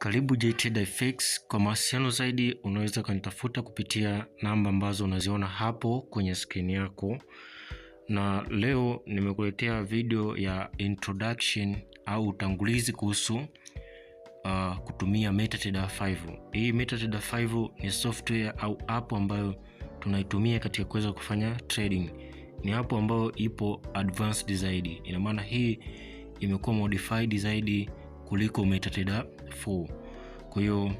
Karibu JTD Fix. Kwa mawasiliano zaidi, unaweza kanitafuta kupitia namba ambazo unaziona hapo kwenye skrini yako, na leo nimekuletea video ya introduction au utangulizi kuhusu uh, kutumia MetaTrader 5. Hii MetaTrader 5 ni software au app ambayo tunaitumia katika kuweza kufanya trading. Ni app ambayo ipo advanced zaidi, ina maana hii imekuwa modified zaidi kuliko MetaTrader 4. Kwa hiyo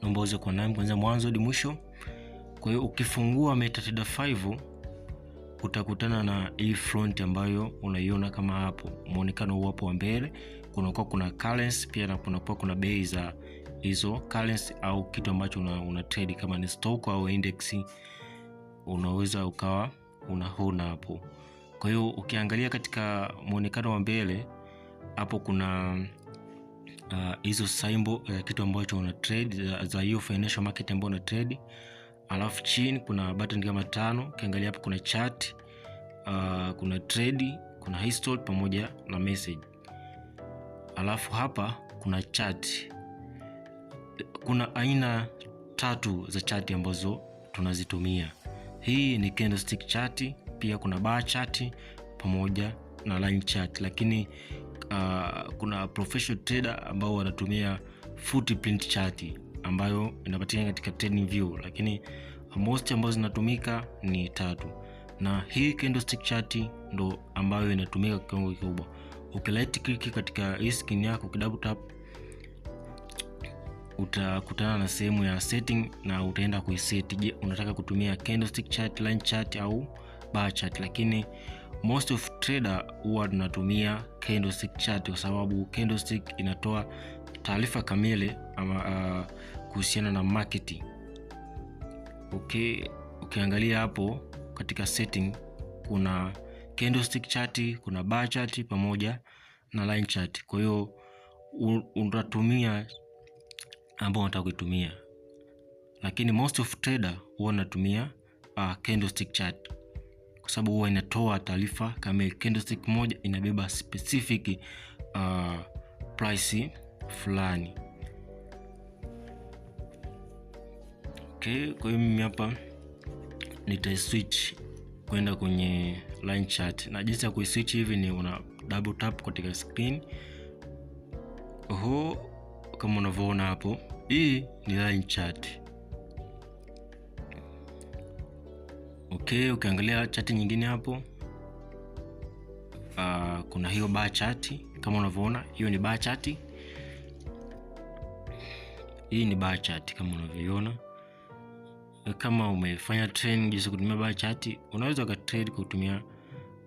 naomba uweze kuwa nami kuanzia mwanzo hadi mwisho. Kwa hiyo ukifungua MetaTrader 5 utakutana na hii front ambayo unaiona kama hapo, muonekano huu hapo wa mbele, kunakuwa kuna currency pia na kunakuwa kuna bei za hizo currency au kitu ambacho una, una trade kama ni stock au index, unaweza ukawa una unaona hapo. Kwa hiyo ukiangalia katika muonekano wa mbele hapo kuna Uh, hizo uh, saimbo uh, kitu ambacho una trade uh, za hiyo financial market ambayo una trade, alafu chini kuna button kama tano. Ukiangalia hapo kuna chat uh, kuna trade, kuna history pamoja na message, alafu hapa kuna chat Kuna aina tatu za chati ambazo tunazitumia. Hii ni candlestick chart, pia kuna bar chati pamoja na line chat lakini Uh, kuna professional trader ambao wanatumia footprint chart ambayo inapatikana katika view, lakini most ambazo zinatumika ni tatu, na hii candlestick chart ndo ambayo inatumika kwa kiwango kikubwa. Ukilight click katika hii screen yako, kidouble tap utakutana na sehemu ya setting na utaenda kuiset. Je, unataka kutumia candlestick chart, line chart au bar chart? Lakini most of trader huwa tunatumia candlestick chart kwa sababu candlestick inatoa taarifa kamili ama uh, kuhusiana na market okay ukiangalia hapo katika setting kuna candlestick chart kuna bar chart pamoja na line chart kwa hiyo unatumia ambao unataka kuitumia lakini most of trader huwa natumia uh, ah, candlestick chart kwa sababu huwa inatoa taarifa kama Candlestick moja inabeba specific uh, price fulani. Okay, kwa hiyo mimi hapa nitaiswitch kwenda kwenye line chart, na jinsi ya kuiswitch hivi ni una double tap katika screen. Oho, kama unavyoona hapo, hii ni line chart okay ukiangalia chati nyingine hapo uh, kuna hiyo bar chati kama unavyoona hiyo ni bar chati hii ni bar chati kama unavyoiona kama umefanya training jinsi kutumia bar chati unaweza ukatrade kwa kutumia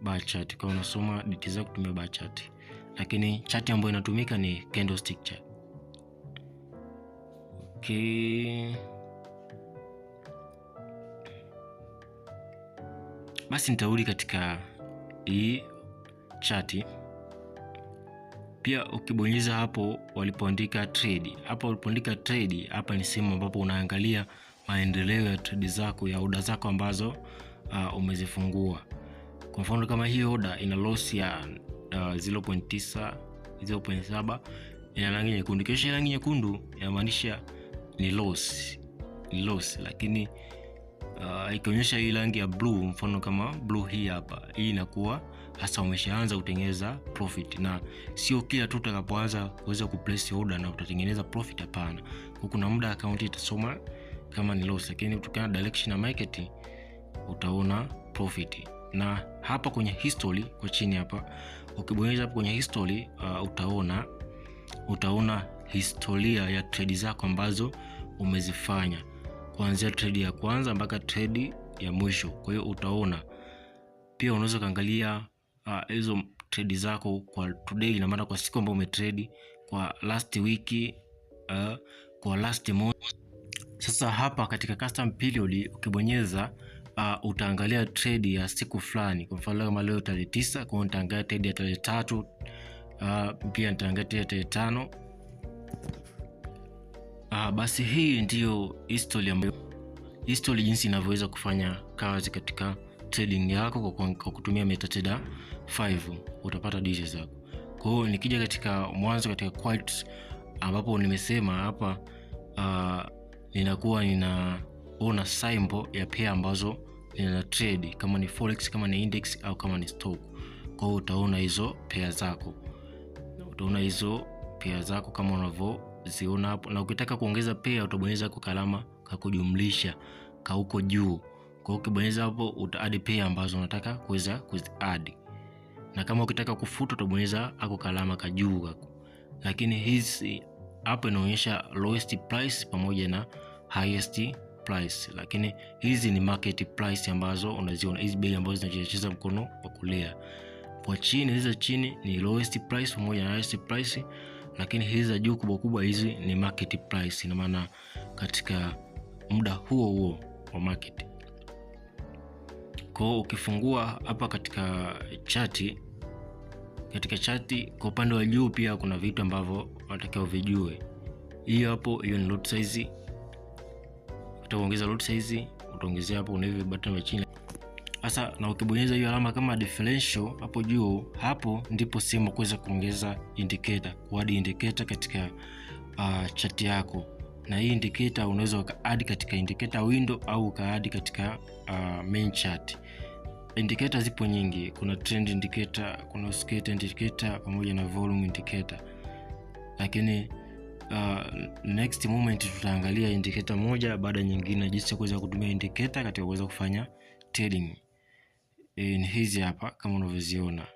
bar chart kwa unasoma details kutumia bar chart lakini chati ambayo inatumika ni candlestick chart okay Basi nitarudi katika hii chati pia ukibonyeza hapo walipoandika trade, hapa walipoandika trade, hapa ni sehemu ambapo unaangalia maendeleo ya trade zako ya oda zako ambazo uh, umezifungua. Kwa mfano kama hii oda ina loss ya uh, 0.9 0.7 ina rangi nyekundu, kisha rangi nyekundu inamaanisha ni loss, ni loss, lakini uh, ikionyesha hii rangi ya blue, mfano kama blue hii hapa, hii inakuwa hasa umeshaanza kutengeneza profit, na sio kila tu utakapoanza kuweza kuplace order na utatengeneza profit. Hapana, kuna muda account itasoma kama ni loss, lakini kutokana direction ya market utaona profit. Na hapa kwenye history kwa chini hapa, ukibonyeza hapa kwenye history uh, utaona utaona historia ya trade zako ambazo umezifanya kuanzia trade ya kwanza mpaka trade ya mwisho. Kwa hiyo utaona pia unaweza kaangalia ah, hizo uh, trade zako kwa today, ina maana kwa siku ambayo umetrade, kwa last week uh, kwa last month. Sasa hapa katika custom period ukibonyeza uh, utaangalia trade ya siku fulani. Kwa mfano kama leo tarehe tisa, kwa hiyo nitaangalia trade ya tarehe tatu, uh, pia nitaangalia trade ya tarehe tano Uh, basi hii ndiyo history ambayo history jinsi inavyoweza kufanya kazi katika trading yako kwa kutumia MetaTrader 5 utapata dishi zako. Kwa hiyo nikija katika mwanzo katika quotes ambapo nimesema hapa uh, ninakuwa ninaona symbol ya pair ambazo nina trade kama ni forex, kama ni index au kama ni stock. Kwa hiyo utaona hizo pair zako, utaona hizo pair zako kama unavyo ziona hapo, na ukitaka kuongeza pair utabonyeza kwa kalama ka kujumlisha ka huko juu. Kwa hiyo ukibonyeza hapo uta add pair ambazo unataka kuweza kuzi add, na kama ukitaka kufuta utabonyeza hapo kalama ka juu hapo. Lakini hizi hapo inaonyesha lowest price pamoja na highest price, lakini hizi ni market price ambazo unaziona, hizi bei ambazo zinacheza mkono wa kulia kwa chini. hizo chini ni lowest price pamoja na highest price lakini hizi za juu kubwa kubwa hizi ni market price, ina maana katika muda huo huo wa market. Kwa ukifungua hapa katika chati, katika chati kwa upande wa juu pia kuna vitu ambavyo unatakiwa vijue. Hiyo hapo, hiyo ni lot size, utaongeza lot size, utaongezea hapo, kuna hivi button vya chini sasa na ukibonyeza hiyo alama kama differential hapo juu, hapo ndipo sehemu kuweza kuongeza indicator, kuadi indicator katika uh, chati yako na hii indicator unaweza ukaadi katika indicator window au ukaadi katika uh, main chart. Indicator zipo nyingi, kuna trend indicator, kuna oscillator indicator pamoja na volume indicator, lakini uh, next moment tutaangalia indicator moja baada nyingine, jinsi ya kuweza kutumia indicator katika kuweza kufanya trading e, ni hizi hapa kama unavyoziona.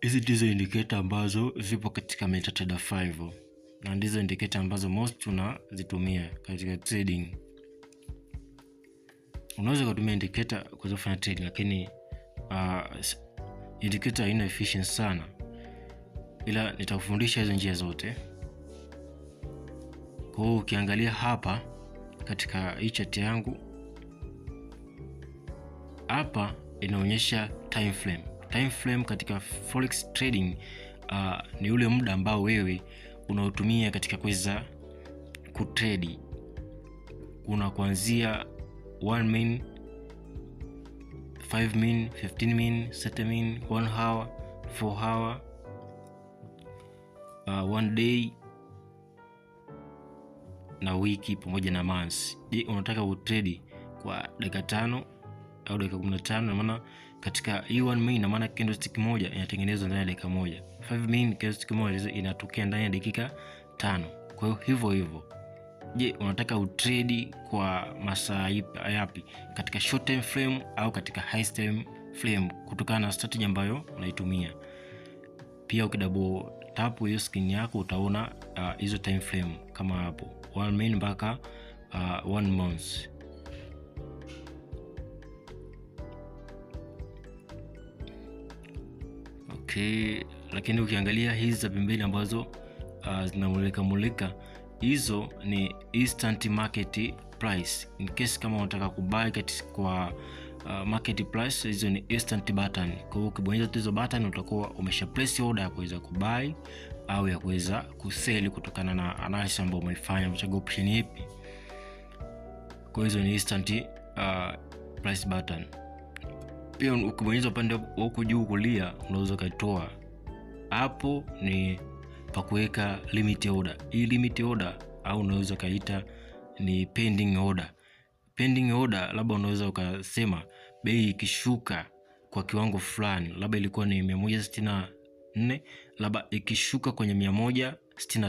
Hizi ndizo indicator ambazo zipo katika MetaTrader 5 na ndizo indicator ambazo most tunazitumia katika trading. Unaweza kutumia indicator kuweza kufanya trading, lakini uh, indicator haina efficiency sana, ila nitakufundisha hizo njia zote. Kwa hiyo ukiangalia hapa katika hii chati yangu hapa inaonyesha time frame. Time frame katika forex trading uh, ni ule muda ambao wewe unaotumia katika kuweza kutredi. Kuna kuanzia 1 min, 5 min, 15 min, 7 min, 1 hour, 4 hour, uh, one day na wiki pamoja na months. Je, unataka utredi kwa dakika tano au dakika kumi na tano namaana katika namaana 1 minute moja inatengenezwa ndani ya dakika moja. 5 moja inatokea ndani ya dakika tano. Kwa hiyo hivyo hivyo. Je, unataka utredi kwa masaa yapi? Katika short time frame au katika high time frame kutokana na strategy ambayo unaitumia. Pia ukidouble tapu hiyo screen yako utaona uh, hizo uh, time frame kama hapo 1 minute mpaka 1 uh, month. okay. Lakini ukiangalia hizi za pembeni ambazo uh, zinamulika mulika hizo ni instant market price, in case kama unataka kubai kwa uh, market price, hizo ni instant button. Kwa hiyo ukibonyeza hizo button utakuwa umesha place order ya kuweza kubai au ya kuweza kuseli kutokana na analysis ambayo umeifanya, umechagua option ipi. Kwa hizo ni instant uh, price button pia ukibonyeza upande wa huku juu kulia unaweza ukaitoa hapo ni pa kuweka limit order hii limit order au unaweza ukaita ni pending order pending order labda unaweza ukasema bei ikishuka kwa kiwango fulani labda ilikuwa ni mia moja nne labda ikishuka kwenye mia moja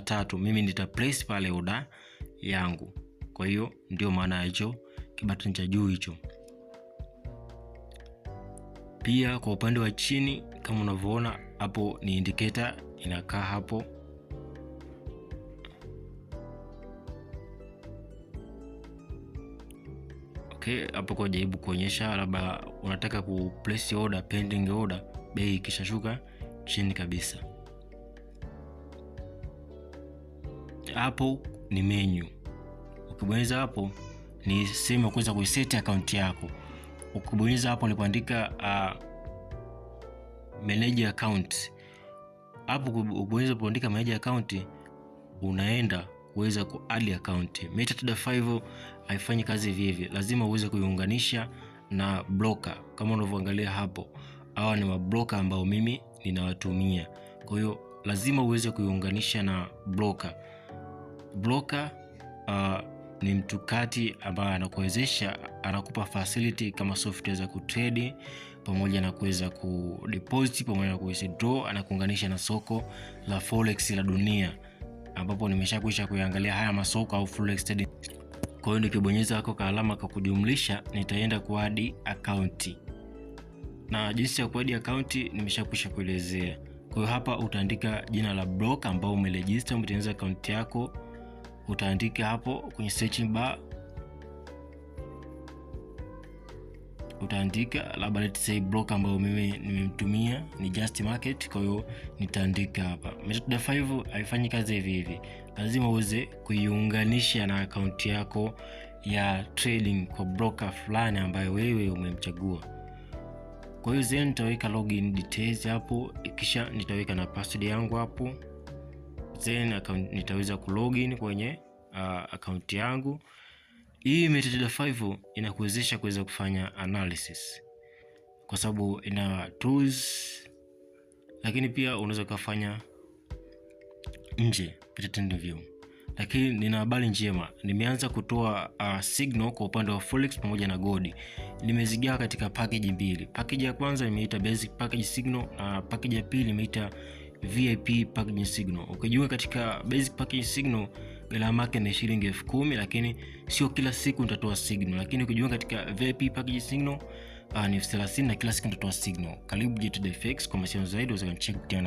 tatu mimi nita place pale order yangu kwa hiyo ndio maana ya hicho kibatoni cha juu hicho pia kwa upande wa chini kama unavyoona hapo ni indicator inakaa hapo hapo kwa jaribu kuonyesha labda unataka ku place order pending order, bei ikishashuka chini kabisa. Hapo ni menu, ukibonyeza hapo ni sehemu ya kuweza kuiseti akaunti yako ukibonyeza hapo nilipoandika uh, manage account hapo, ukibonyeza kuandika manage account unaenda kuweza ku add account. Metadata 5 haifanyi kazi vivyo, lazima uweze kuiunganisha na broker kama unavyoangalia hapo. Hawa ni mabroker ambao mimi ninawatumia, kwa hiyo lazima uweze kuiunganisha na broker. Broker uh, ni mtu kati ambaye anakuwezesha anakupa facility kama software za kutrade pamoja na kuweza kudeposit pamoja na kuwithdraw, anakuunganisha na soko la forex la dunia, ambapo nimeshakwisha kuangalia haya masoko au forex trading. Kwa hiyo nikibonyeza hako alama ka kujumlisha, nitaenda kuadi akaunti na jinsi ya kuadi akaunti nimeshakwisha kuelezea. Kwa hiyo hapa utaandika jina la broker ambao umerejista umetengeneza akaunti yako, utaandika hapo kwenye searching bar utaandika labda let's say block ambayo mimi nimemtumia ni just market kwa hiyo nitaandika hapa method 5 haifanyi kazi hivi hivi lazima uweze kuiunganisha na akaunti yako ya trading kwa broker fulani ambayo wewe umemchagua kwa hiyo then nitaweka login details hapo kisha nitaweka na password yangu hapo then nitaweza kulogin kwenye uh, akaunti yangu hii metadata 5 inakuwezesha kuweza kufanya analysis kwa sababu ina tools, lakini pia unaweza ukafanya nje pretend view. Lakini nina habari njema, nimeanza kutoa uh, signal kwa upande wa Forex pamoja na gold. Nimezigawa katika package mbili. Package ya kwanza nimeita basic package signal na uh, package ya pili nimeita VIP package signal. Ukijiunga katika basic package signal gharama yake ni shilingi elfu kumi lakini sio kila siku nitatoa signal, lakini ukijiunga katika VIP package signal uh, ni elfu thelathini na kila siku nitatoa signal. Karibu JTDFX kwa mawasiliano zaidi, unaweza kunicheki